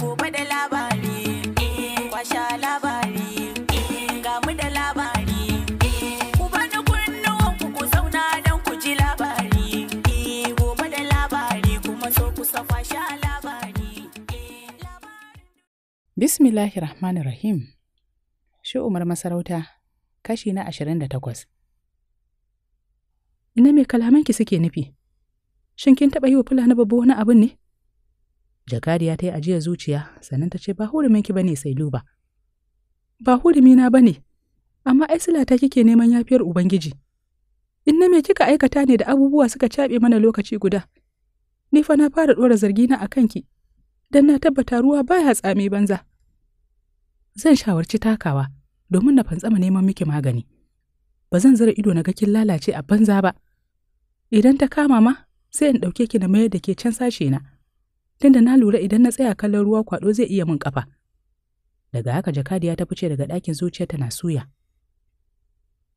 gobe da labari eh, kwasha labari eh, ga mu da labari eh, ku bani kunnuwan ku ku zauna don ku ji labari gobe da labari kuma so ku sa kwasha labari bismillahir rahmanir rahim shi umar masarauta kashi na ashirin da takwas. ina mai kalamanki suke nufi shin kin taɓa yi wa fulani babu wani abin ne Jakadiya ta yi ajiya zuciya, sannan ta ce, Ba huruminki ba ne sai luba. Ba hurumina ba ne, amma ai ta kike neman yafiyar Ubangiji. In na me kika aikata ne da abubuwa suka caɓe mana lokaci guda. Ni fa na fara ɗora zargina a kanki, Dan na tabbata ruwa baya tsame banza. Zan shawarci takawa, domin na fantsama neman miki magani. Ba zan zara ido na ga kin lalace a banza ba. Idan ta kama ma, sai in ɗauke ki na mayar da ke can sashe na. tunda na lura idan na tsaya kallon ruwa kwaɗo zai iya mun ƙafa. Daga haka jakadiya ta fice daga ɗakin zuciyarta na suya.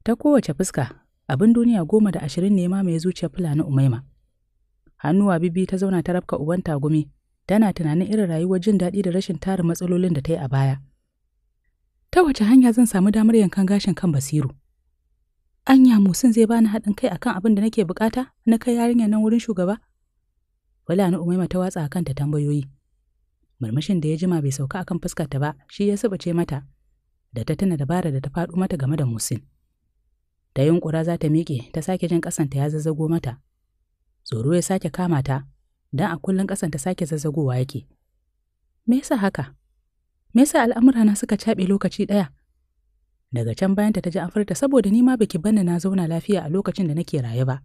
Ta kowace fuska, abin duniya goma da ashirin ne ma mai zuciya fula na Umaima. Hannuwa bibi ta zauna ta rafka uban tagumi, tana tunanin irin rayuwar jin daɗi da rashin tarin matsalolin da ta yi a baya. Ta wace hanya zan samu damar yankan gashin kan Basiru? Anya Musin zai bani haɗin kai akan abin da nake bukata na kai yarinya nan wurin shugaba? Fulani Umaima ta watsa kanta tambayoyi. Murmushin da ya jima bai sauka akan fuskarta ba, shi ya subuce mata, da ta tuna dabara da ta faɗo mata game da Musin. Ta yunƙura za ta miƙe, ta sake jin ƙasanta ya zazzago mata. Tsoro ya sake kama ta, dan a kullum ƙasanta sake zazzagowa yake. Me yasa haka? Me yasa na suka caɓe lokaci ɗaya? Daga can bayanta ta ji an furta saboda ni ma baki bani na zauna lafiya a lokacin da nake raye ba.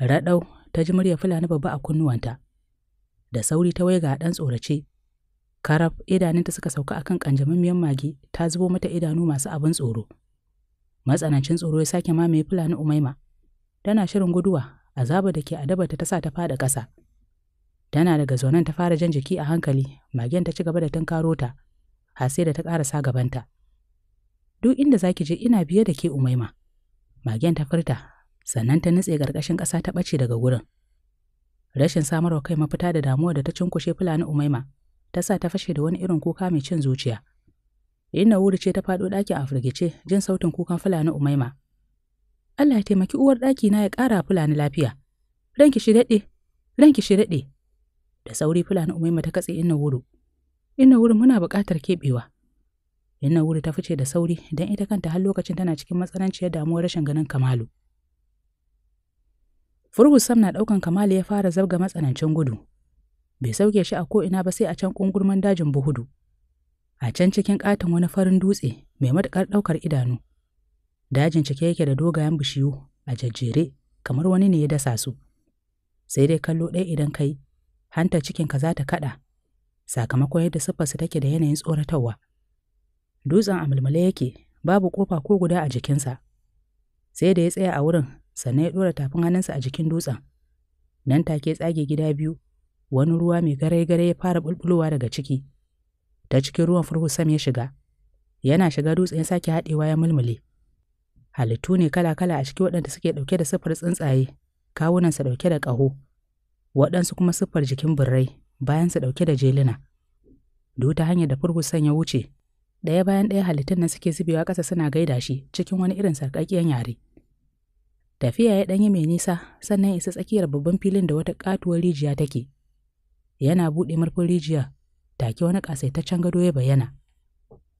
Raɗau ta ji murya Fulani babba a kunnuwanta. Da sauri ta waiga ɗan tsorace. Karaf idanunta suka sauka akan miyan mage ta zubo mata idanu masu abin tsoro. Matsanancin tsoro ya sake mamaye Fulani Umaima. Tana shirin guduwa, azaba da ke adabarta ta sa ta fada ƙasa. Tana daga zonan ta fara jan jiki a hankali, magen ta ci gaba da tunkaro ta, har sai da ta ƙarasa gabanta. Duk inda zaki je ina biye da ke Umaima. Magen ta furta, sannan ta nutse ƙarƙashin ƙasa ta ɓace daga gurin. Rashin samarwa kai mafita da damuwa da ta cinkushe Fulani Umaima ta sa ta fashe da wani irin kuka mai cin zuciya. Inna wuri ce ta faɗo ɗakin a firgice jin sautin kukan Fulani Umaima. Allah ya taimaki uwar ɗaki na ya ƙara Fulani lafiya. Ranki shi daɗe, ranki shi daɗe. Da sauri Fulani Umaima ta katse Inna wuri. Inna wuri muna buƙatar keɓewa. Inna wuri ta fice da sauri don ita kanta har lokacin tana cikin matsananciyar damuwar rashin ganin Kamalu. Furgus Sam na ɗaukan Kamalu ya fara zabga matsanancin gudu. Bai sauke shi a ko'ina ba sai a can ƙungurman dajin Buhudu. A can cikin ƙaton wani farin dutse mai matuƙar ɗaukar idanu. Dajin cike yake da dogayen bishiyu a jajjere kamar wani ne ya dasa su. Sai dai kallo ɗaya idan kai, hantar cikinka za ta kaɗa, sakamakon yadda siffarsu take da yanayin tsoratarwa. Dutsen a yake, babu ƙofa ko guda a jikinsa. Sai da ya tsaya a wurin sannan ya ɗora tafin hannunsa a jikin dutsen. Nan take tsage gida biyu, wani ruwa mai garai-garai ya fara bulbulowa daga ciki. Ta cikin ruwan furhu sam ya shiga. Yana shiga dutsen ya sake haɗewa ya mulmule. Halittu ne kala-kala a ciki waɗanda suke ɗauke da siffar tsuntsaye, kawunansa ɗauke da ƙaho, waɗansu kuma siffar jikin birrai, bayansa ɗauke da jeluna. Duk ta hanyar da furhusan ya wuce, ɗaya bayan ɗaya halittun nan suke zubewa ƙasa suna gaida shi cikin wani irin sarƙaƙƙiyar yare. Tafiya ya ɗanyi mai nisa sannan isa tsakiyar babban filin da wata katuwar rijiya take. Yana buɗe murfin rijiya, take wani ƙasaitaccen gado ya bayyana.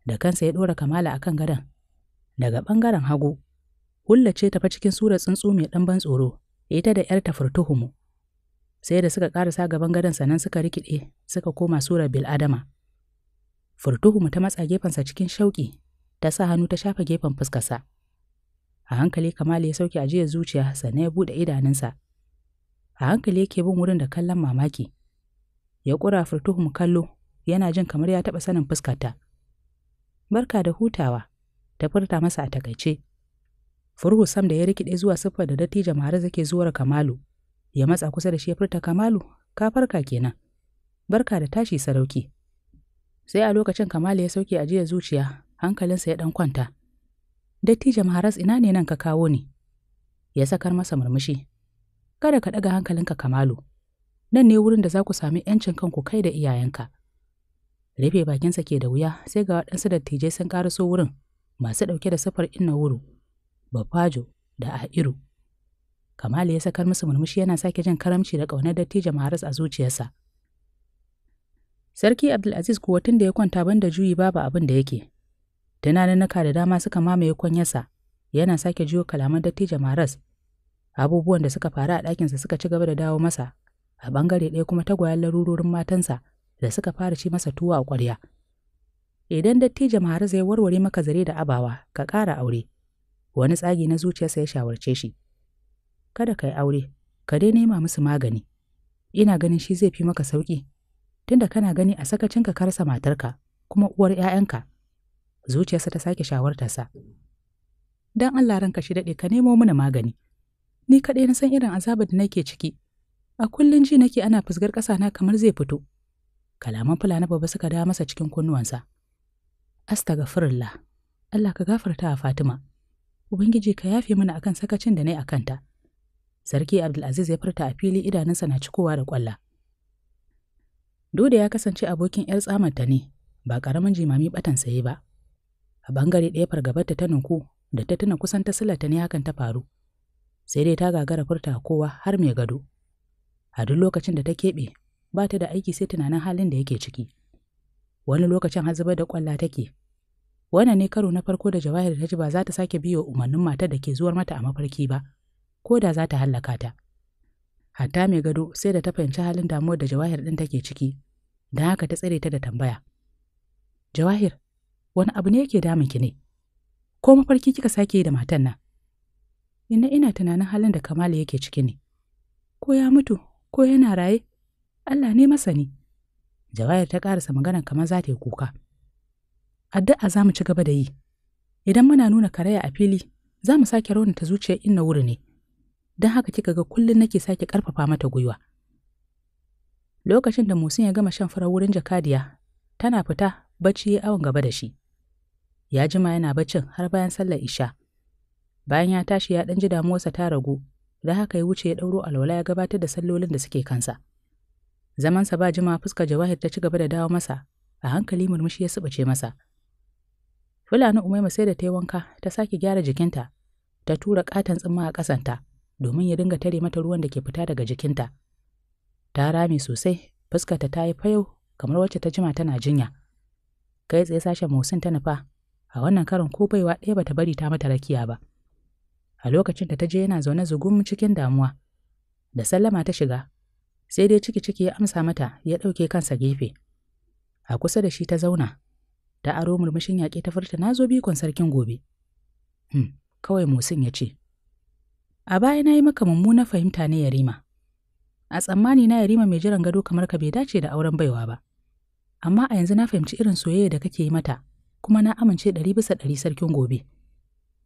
Da kansa ya ɗora kamala akan gadon. Daga ɓangaren hagu, Hulla ce fa cikin surar tsuntsu mai ɗan ban tsoro, ita da ‘yarta furtuhumu. Sai da suka ƙarasa gaban gadon sannan suka rikide suka koma surar adama. Furtuhumu ta matsa gefensa cikin shauƙi, ta sa hannu ta shafa gefen fuskarsa. a hankali Kamalu ya sauke ajiyar zuciya sannan ya buɗe idanunsa a hankali yake bin wurin da kallon mamaki ya ƙura furtuhum kallo yana jin kamar ya taɓa sanin fuskarta barka da hutawa ta furta masa a takaice furhu sam da ya rikide zuwa siffar da dattijan mahara zake zuwar kamalu ya matsa kusa da shi ya furta kamalu ka farka kenan barka da tashi sarauki sai a lokacin kamalu ya sauke ajiyar zuciya hankalinsa ya ɗan kwanta dattijan Maharas ina ne nan ka kawo ni? Ya sakar masa murmushi. Kada ka ɗaga hankalinka Kamalu. Nan ne wurin da za ku sami ‘yancin kanku kai da iyayenka. Rufe bakinsa ke da wuya sai ga waɗansu dattijai sun ƙaraso wurin masu ɗauke da safar inna wuru, bafajo da a'iru. Kamalu ya sakar masa murmushi yana sake jin karamci da ƙaunar dattijan Maharas a zuciyarsa. Sarki Abdulaziz kuwa tun da ya kwanta banda juyi babu abin da yake, Tunaninnika da dama suka mamaye kwanyarsa, yana sake jiyo kalaman dattijo Maras. Abubuwan da suka faru a ɗakinsa suka ci gaba da dawo masa, a ɓangare ɗaya kuma tagwayen larurorin matansa da suka fara ci masa tuwo a ƙwarya. Idan dattijo Maras ya warware maka zare da abawa, ka ƙara aure. Wani tsagi na zuciyarsa ya shawarce shi. Kada ka yi aure, ka dai nema musu magani. Ina ganin shi zai fi maka sauƙi, tunda kana gani a sakacinka ka rasa matarka, kuma uwar 'ya'yanka. zuciyarsa ta sake shawartarsa Don Allah ranka shi daɗe ka nemo mana magani ni kaɗai na san irin azabar da nake ciki a kullum ji nake ana fusgar ƙasa na kamar zai fito kalaman fulani baba suka dawo masa cikin kunnuwansa astaghfirullah Allah ka gafarta a Fatima Ubangiji ka yafe mana akan sakacin da na yi a kanta. Sarki Abdulaziz ya furta a fili idanunsa na cikowa da kwalla. Doda ya kasance abokin ‘yar tsamanta ne, ba ƙaramin jimami batan saye ba. a bangare ɗaya fargabarta ta ninku da ta tuna kusan ta silata ne hakan ta faru sai dai ta gagara furta kowa har mai gado a duk lokacin da ta keɓe ba ta da aiki sai tunanin halin da yake ciki wani lokacin har zubar da kwalla take wannan ne karo na farko da jawahir ta ji ba za ta sake biyo umarnin matar da ke zuwar mata a mafarki ba ko da za ta hallaka ta hatta mai gado sai da ta fahimci halin damuwar da jawahir ɗin take ciki don haka ta tsare ta da tambaya jawahir wani abu ne yake damun ki ne ko mafarki kika sake yi da matan nan ina ina tunanin halin da kamala yake ciki ne ko ya mutu ko yana raye Allah ne masani jawahir ta karasa maganar kamar za ta yi kuka addu'a za mu ci gaba da yi idan muna nuna karaya a fili za mu sake raunata zuciyar inna wuri ne don haka kika ga kullum nake sake karfafa mata gwiwa lokacin da musin ya gama shan fura wurin jakadiya tana fita bacci ya awon gaba da shi ya jima yana baccin har bayan sallar isha. Bayan ya tashi ya ɗan ji damuwarsa ta ragu, da haka ya wuce ya ɗauro alwala ya gabatar da sallolin da suke kansa. Zamansa ba jima fuskar Jawahir ta cigaba da dawo masa, a hankali murmushi ya subace masa. Fulani Umaima sai da ta yi wanka ta sake gyara jikinta, ta tura katon tsumma a ƙasanta domin ya dinga tare mata ruwan da ke fita daga jikinta. Ta rame sosai, fuskarta ta yi fayau kamar wacce ta jima tana jinya. Kai tsaye sashen Musin ta nufa a wannan karin ko baiwa ɗaya bata bari ta mata rakiya ba a lokacin da ta je yana zaune zugun cikin damuwa da sallama ta shiga sai dai ciki ciki ya amsa mata ya ɗauke kansa gefe a kusa da shi ta zauna ta aro murmushin yaƙi ta furta na zo bikon sarkin gobe hmm, kawai musin ya ce a baya na yi maka mummuna fahimta ne yarima a tsammani na yarima mai jiran gado kamar ka bai dace da auren baiwa ba amma a yanzu na fahimci irin soyayya da kake yi mata kuma na amince ɗari bisa ɗari sarkin gobe.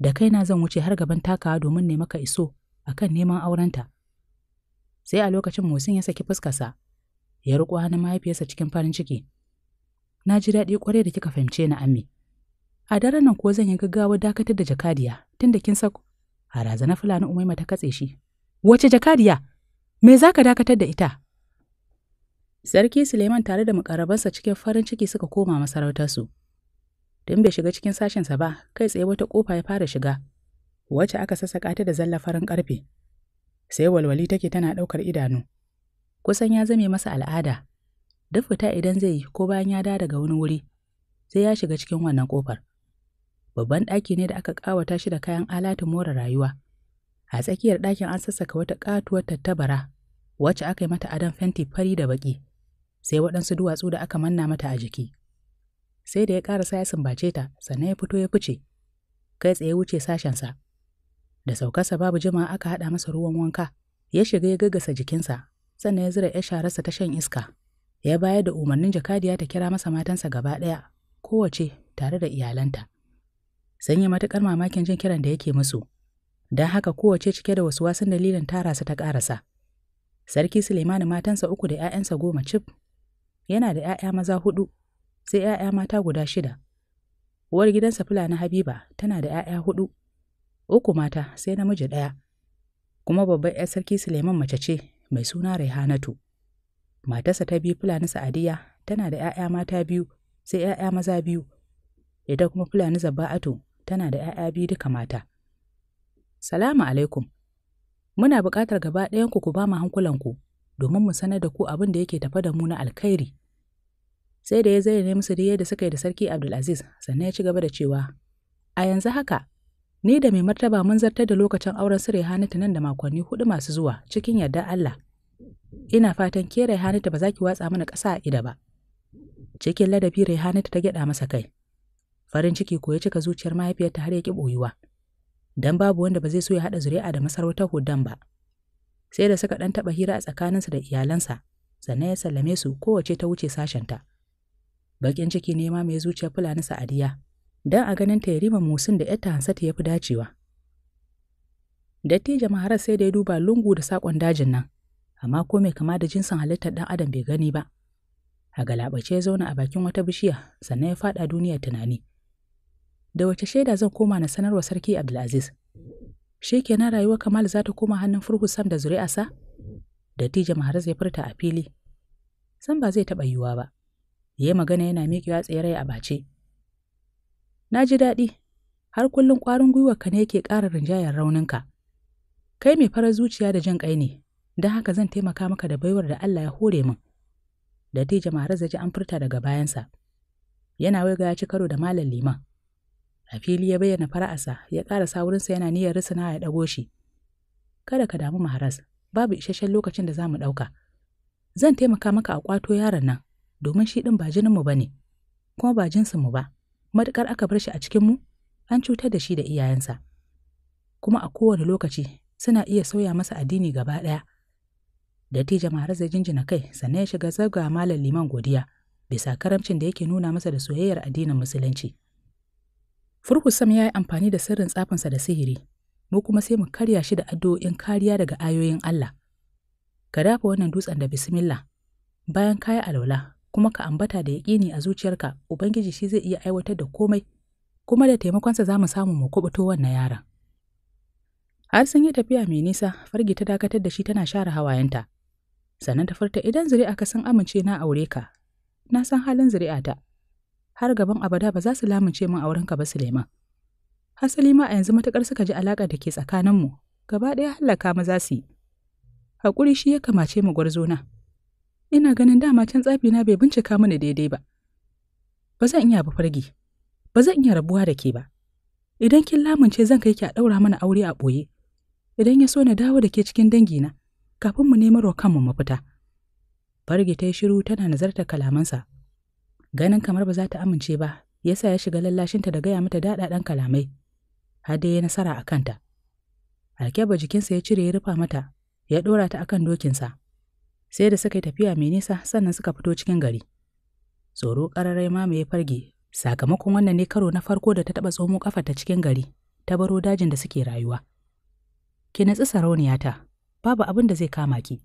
Da kaina zan wuce har gaban takawa domin ne maka iso akan neman aurenta. Sai a lokacin Musin ya saki fuskarsa, ya riƙo hannun mahaifiyarsa cikin farin ciki. Na ji daɗi ƙwarai da kika fahimce ni ammi. A daren nan ko zan yi gaggawa dakatar da jakadiya tunda kin sako? a razana Fulani Umaima ta katse shi. Wace jakadiya? Me za ka dakatar da ita? Sarki Suleiman tare da mukarabansa cikin farin ciki suka koma masarautarsu. don bai shiga cikin sashensa ba kai tsaye wata kofa ya fara shiga wacce aka sassaƙa ta da zalla farin ƙarfe sai walwali take tana ɗaukar idanu kusan ya zame masa al'ada duk fita idan zai yi ko bayan ya da daga wani wuri sai ya shiga cikin wannan kofar babban ɗaki ne da aka ƙawata shi da kayan alatun more rayuwa a tsakiyar ɗakin an sassaka wata katuwar tattabara wacce aka yi mata adon fenti fari da baƙi sai waɗansu duwatsu da aka manna mata a jiki sai da ya ƙarasa ya sumbace ta sannan ya fito ya fice kai tsaye wuce sashensa da saukarsa babu jima aka haɗa masa ruwan wanka ya shiga ya gaggasa jikinsa sannan ya zira ya sharasa ta shan iska ya bayar da umarnin jakadiya ta kira masa matansa gaba ɗaya kowace tare da iyalanta sun yi matuƙar mamakin jin kiran da yake musu don haka kowace cike da wasu wasan dalilin su ta ƙarasa sarki suleimani matansa uku da 'ya'yansa goma cif yana da 'ya'ya maza hudu sai 'ya'ya mata guda shida. Uwar gidansa Fulani Habiba tana da 'ya'ya huɗu, uku mata sai namiji ɗaya, kuma babban 'yar sarki Suleiman mace ce mai suna Raihanatu. Matarsa ta biyu Fulani Sa'adiya tana da 'ya'ya mata biyu sai 'ya'ya maza biyu, idan kuma Fulani Zabba'atu tana da 'ya'ya biyu duka mata. Salamu alaikum. Muna buƙatar gaba ɗayanku ku ba mu hankulanku domin mu sanar da ku abin da yake tafa da mu na alkhairi sai da ya ne musu duk da suka yi da sarki Abdulaziz sannan ya ci gaba da cewa a yanzu haka ni da mai martaba mun zartar da lokacin auren su Rehanatu nan da makonni hudu masu zuwa cikin yarda Allah ina fatan ke Rehanatu ba za ki watsa mana ƙasa a ida ba cikin ladabi Rehanatu ta gyada masa kai farin ciki ko ya cika zuciyar mahaifiyarta har ya ki boyuwa dan babu wanda ba zai so ya haɗa zuri'a da masarautar Hudan ba sai da suka ɗan taɓa hira a tsakaninsa da iyalansa sannan ya sallame su kowace ta wuce sashenta. Bakin ciki ne ma mai zuciya Fulani Sa'adiya, don a ganin ta Yarima Musin da ‘yarta Hansatu ya fi dacewa. Dattijo Maharar sai da ya duba lungu da saƙon dajin nan, amma ko mai kama da jinsin halittar ɗan adam bai gani ba. A galabace ya zauna a bakin wata bishiya, sannan ya faɗa duniya tunani. Da wace shaida zan koma na sanarwa Sarki Abdulaziz? Shi kenan rayuwar Kamal za ta koma hannun Furhu Sam da zuri'a sa Dattijo maharar ya furta a fili. Sam ba zai taɓa yiwuwa ba. ya yi magana yana miƙewa tsere a bace. Na ji daɗi, har kullum ƙwarin ka ne yake ƙara rinjayar raunin ka. Kai mai farar zuciya da jin ƙai ne, don haka zan taimaka maka da baiwar da Allah ya hore min. Da tija Maraza an furta daga bayansa. Yana waiga ya ci karo da Malam Liman. A fili ya bayyana fara'asa ya sa wurinsa yana niyyar risina ya ɗago shi. Kada ka damu Maharas, babu isasshen lokacin da za mu ɗauka. Zan taimaka maka a ƙwato yaron nan, domin shi ɗin ba jininmu ba ne, kuma ba mu ba, matuƙar aka bar shi a cikinmu, an cutar da shi da iyayensa. Kuma a kowane lokaci suna iya sauya masa addini gaba ɗaya. ti jama'a zai jinjina kai sannan ya shiga zaga Malam Liman godiya bisa karamcin da yake nuna masa da soyayyar addinin Musulunci. Furkusam ya yi amfani da sirrin tsafinsa da sihiri, mu kuma sai mu karya shi da addu'o'in kariya daga ayoyin Allah. Ka dafa wannan dutsen da bismillah, bayan kayi alwala kuma ka ambata da yaƙini a zuciyarka Ubangiji shi zai iya aiwatar da komai, kuma da taimakonsa za mu samu mu kubuto wannan yaran Har sun yi tafiya mai nisa, Fargi ta dakatar da shi tana share hawayenta. Sannan ta furta idan zuri'a ka san amince na aure ka, na san halin ta. Har gaban abada ba za su lamince min ka ba Suleiman. Hasali ma a yanzu matuƙar suka ji alaƙa da ke tsakaninmu, gaba ɗaya hallaka ma za su yi. Haƙuri shi ya kamace mu gwarzona. ina ganin dama can tsafi na bai bincika mini daidai ba ba zan iya ba ba zan iya rabuwa da ke ba idan kin lamunce zan kai ki a ɗaura mana aure a ɓoye idan ya so na dawo da ke cikin dangina kafin mu nemar wa kanmu mafita fargi ta yi shiru tana nazartar kalamansa ganin kamar ba za ta amince ba yasa ya shiga lallashinta da gaya mata daɗaɗan kalamai har dai ya nasara a kanta alkeba jikinsa ya cire ya rufa mata ya ɗora ta akan dokinsa sai da suka yi tafiya mai nisa sannan suka fito cikin gari tsoro ƙararrai ma mai farge sakamakon wannan ne karo na farko da ta taɓa tsomo ta cikin gari ta baro dajin da suke rayuwa ki natsi ta. babu abin da zai kama ki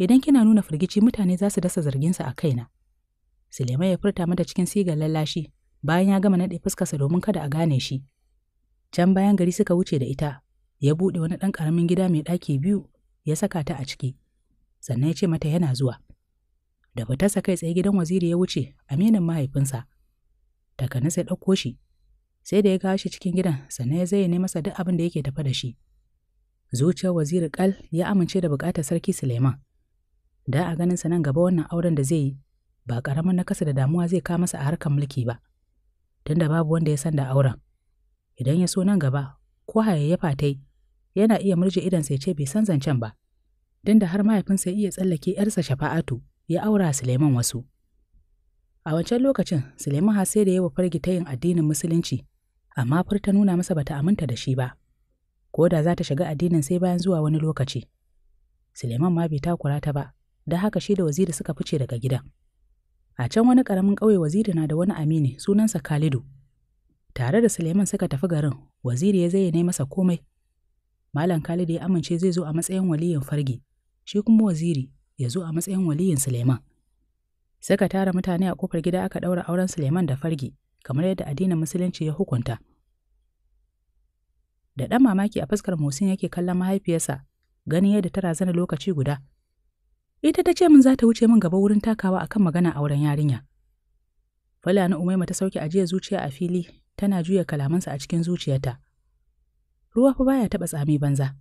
idan kina nuna firgici mutane za su dasa zarginsa a kaina Suleiman ya furta mata cikin sigar lallashi bayan ya gama naɗe fuskarsa domin kada a gane shi can bayan gari suka wuce da ita ya buɗe wani ɗan ƙaramin gida mai ɗaki biyu ya saka ta a ciki sannan ya ce mata yana zuwa. Da fitarsa kai tsaye gidan waziri ya wuce, aminin mahaifinsa. nan sai ɗauko shi, sai da ya kawo shi cikin gidan sannan ya zayyane masa duk abin da yake tafa da shi. Zuciyar waziri Kal ya amince da buƙatar sarki Suleiman. Da a ganin sa nan gaba wannan auren da zai yi ba ƙaramin nakasa da damuwa zai kawo masa a harkar mulki ba. da babu wanda ya san da auren. Idan ya so nan gaba ko hayayyafa ta yana iya murje idan sai ce bai san zancen ba. don da har mahaifinsa ya iya tsallake ‘yarsa shafa'atu ya aura Suleiman wasu. A wancan lokacin, Suleiman har sai da yawa ta yin addinin Musulunci, amma fur ta nuna masa bata aminta da shi ba, ko da za ta shiga addinin sai bayan zuwa wani lokaci. Suleiman ma bai takura ta ba, don haka shi da waziri suka fice daga gidan. A can wani ƙaramin ƙauye waziri na da wani amini sunansa Khalidu. Tare da Suleiman suka tafi garin, waziri ya zayyane masa komai. Malam Kalidu ya amince zai zo a matsayin waliyin fargi, shi kuma waziri ya zo a matsayin waliyin Suleiman. Saka tara mutane a kofar gida aka ɗaura auren Suleiman da Fargi, kamar yadda addinin Musulunci ya hukunta. Da ɗan mamaki a fuskar Musin yake kallon mahaifiyarsa, ganin yadda ta razana lokaci guda. Ita ta ce min za ta wuce min gaba wurin takawa akan magana auren yarinya. Fulani Umaima ta sauke ajiya zuciya a fili, tana juya kalamansa a cikin zuciyarta. Ruwa fa baya taɓa tsami banza.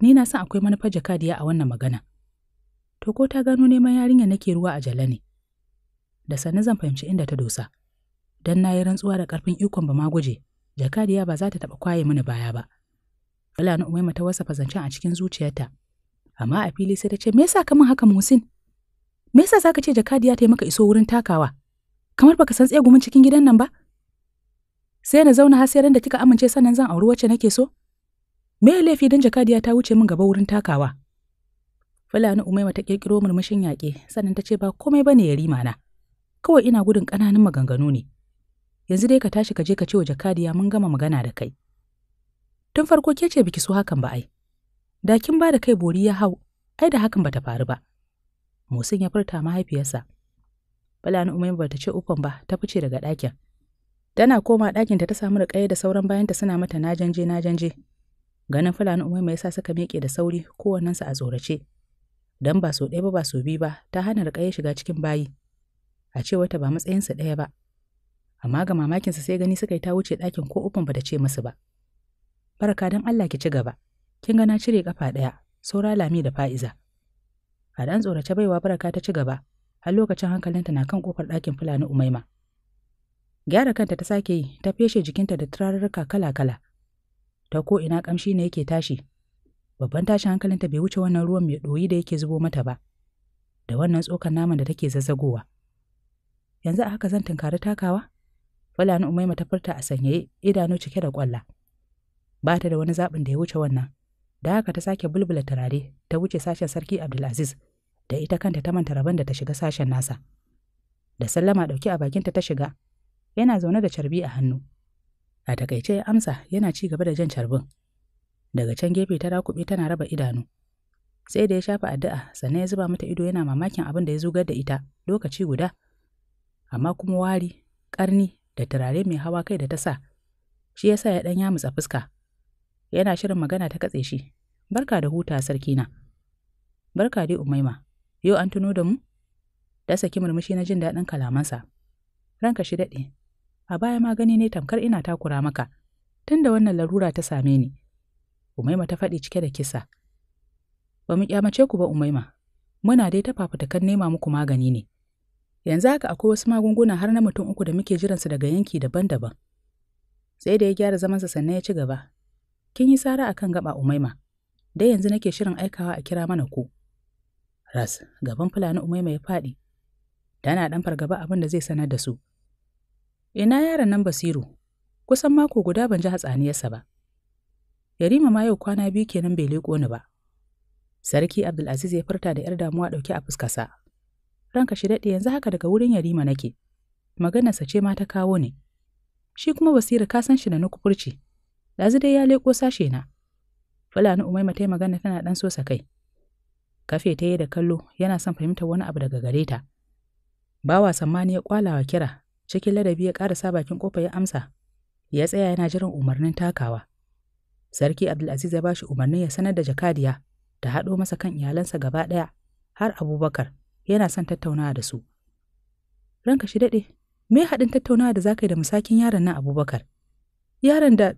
Ni na san akwai manufar jakadiya a wannan magana. To ko ta gano neman yarinya nake ruwa a jala ne. Da sanni zan fahimci inda ta dosa. don na yi rantsuwa da ƙarfin ikon ba ma guje, jakadiya ba za ta taɓa kwaye mini baya ba. fulani na Umaima ta wasa zancen a cikin zuciyarta. Amma a fili sai ta ce, "Me yasa ka min haka Musin? Me yasa za ka ce jakadiya ta yi maka iso wurin takawa? Kamar baka san tsegumin cikin gidan nan ba?" sai na zauna har sai ran da kika amince sannan zan auri wacce nake so? Me ya laifi don jakadiya ta wuce min gaba wurin takawa? Fulani Umaima ta ƙirƙiro murmushin yaƙe, sannan ta ce ba komai ba ne ya na. Kawai ina gudun ƙananan maganganu ne. Yanzu dai ka tashi ka je ka ce wa jakadiya mun gama magana da kai. Tun farko ke ce biki su hakan ba ai. Da kin ba da kai bori ya hau, ai da hakan bata faru ba. Musin ya furta mahaifiyarsa. Fulani Umaima bata ce ufan ba, ta fice daga ɗakin. Tana koma ɗakinta ta samu da da sauran bayanta suna mata najanje najanje. Ganin Fulani Umaima ya sa suka miƙe da sauri kowannensu a tsorace. don ba so ɗaya ba ba so biyu ba ta hana riƙa ya shiga cikin bayi. A ce wata ba matsayinsa ɗaya ba. Amma ga mamakinsa sai gani suka yi ta wuce ɗakin ko ufan ba da ce musu ba. Baraka don Allah ki ci gaba. Kin ga na cire ƙafa ɗaya, saura lami da fa'iza. A ɗan tsorace baiwa baraka ta ci gaba, har lokacin hankalinta na kan ƙofar ɗakin Fulani Umaima. Gyara kanta ta sake yi, ta feshe jikinta da turarurruka kala-kala. ta ko ina kamshi ne yake tashi babban tashin ta bai wuce wannan ruwan mai ɗoyi da yake zubo mata ba da wannan tsokan naman da take zazzagowa yanzu a haka zan tunkari takawa fulani umaima ta furta a sanyaye idanu cike da kwalla ba ta da wani zaɓin da ya wuce wannan da haka ta sake bulbula turare ta wuce sashen sarki abdulaziz da ita kanta ta manta rabon da ta shiga sashen nasa da sallama ɗauke a bakinta ta shiga yana zaune da carbi a hannu A takaice ya amsa yana ci gaba da jan carbin. Daga can gefe ta rakuɓe tana raba idanu. Sai da ya shafa addu'a sannan ya zuba mata ido yana mamakin abin da ya zugar da ita lokaci guda. Amma kuma wari, ƙarni da turare mai hawa kai da ta sa, shi ya sa ya ɗan yamutsa fuska. Yana shirin magana ta katse shi. Barka da huta sarki na Barka dai Umaima, yau an tuno da mu? Ta saki murmushi na jin daɗin kalamansa. Ranka shi daɗe, a baya ma gani ne tamkar ina takura maka tun da wannan larura ta same ni umaima ta faɗi cike da kisa ba mu kyamace ku ba umaima muna dai ta fafutukan nema muku magani ne yanzu haka akwai wasu magunguna har na mutum uku da muke jiransu daga yanki daban-daban sai da ya gyara zamansa sannan ya ci gaba kin yi sara akan gaba umaima dai yanzu nake shirin aikawa a kira mana ku ras gaban fulani umaima ya faɗi tana ɗan fargaba abin da zai sanar da su Ina yaron nan Basiru, kusan mako guda ban ji hatsaniyarsa ba. Yarima ma yau kwana biyu kenan bai leƙo ni ba. Sarki Abdulaziz ya furta da ‘yar damuwa ɗauke a fuskarsa. Ranka shi daɗe yanzu haka daga wurin Yarima nake, maganarsa ce ma ta kawo ne. Shi kuma Basiru ka san shi da na kufurci, dai ya leƙo sashe na. Fulani Umaima ta yi magana tana ɗan sosa kai. Kafe ta yi da kallo yana son fahimtar wani abu daga gare ta. Bawa sammani ya kwalawa kira Cikin ladabi ya sa bakin ƙofa ya amsa, ya tsaya yana jiran umarnin takawa. Sarki Abdulaziz ya bashi umarnin ya sanar da jakadiya ta haɗo masa kan iyalansa gaba ɗaya har Abubakar yana son tattaunawa da su. Ranka shi daɗe, me haɗin tattaunawa da za ka yi da musakin yaron nan Abubakar? Yaron da,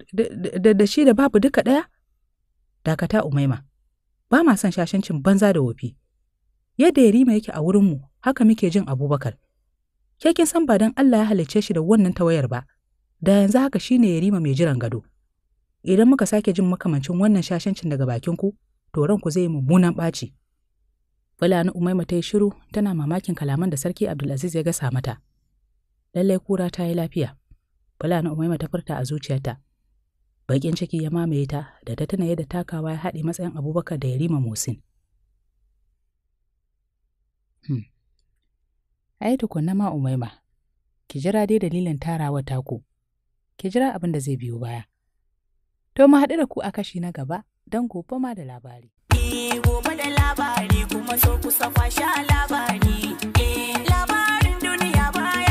da, shi da babu duka ɗaya? Dakata Umaima, ba ma son shashancin banza da wofi. Yadda ya Yarima yake a wurinmu, haka muke jin Abubakar. Ke kin san ba dan Allah ya halicce shi da wannan tawayar ba, da yanzu haka shine yarima mai jiran gado. Idan muka sake jin makamancin wannan shashancin daga bakin ku, to ranku zai mummunan ɓaci. Fulani Umaima ta yi shiru tana mamakin kalaman da Sarki Abdulaziz ya gasa mata. Lallai kura ta yi lafiya. Fulani Umaima ta furta a zuciyarta. Bakin ciki ya mamaye ta da ta tuna yadda takawa ya haɗe matsayin Abubakar da Yarima Musin. Hmm. ai tukunna ma umaima ki jira dai dalilin tarawa taku ki jira abin da zai biyo baya to mu haɗu da ku a kashi na gaba don gobe ma da labari eh gobe da labari kuma so kusa kwashe labari eh labarin duniya baya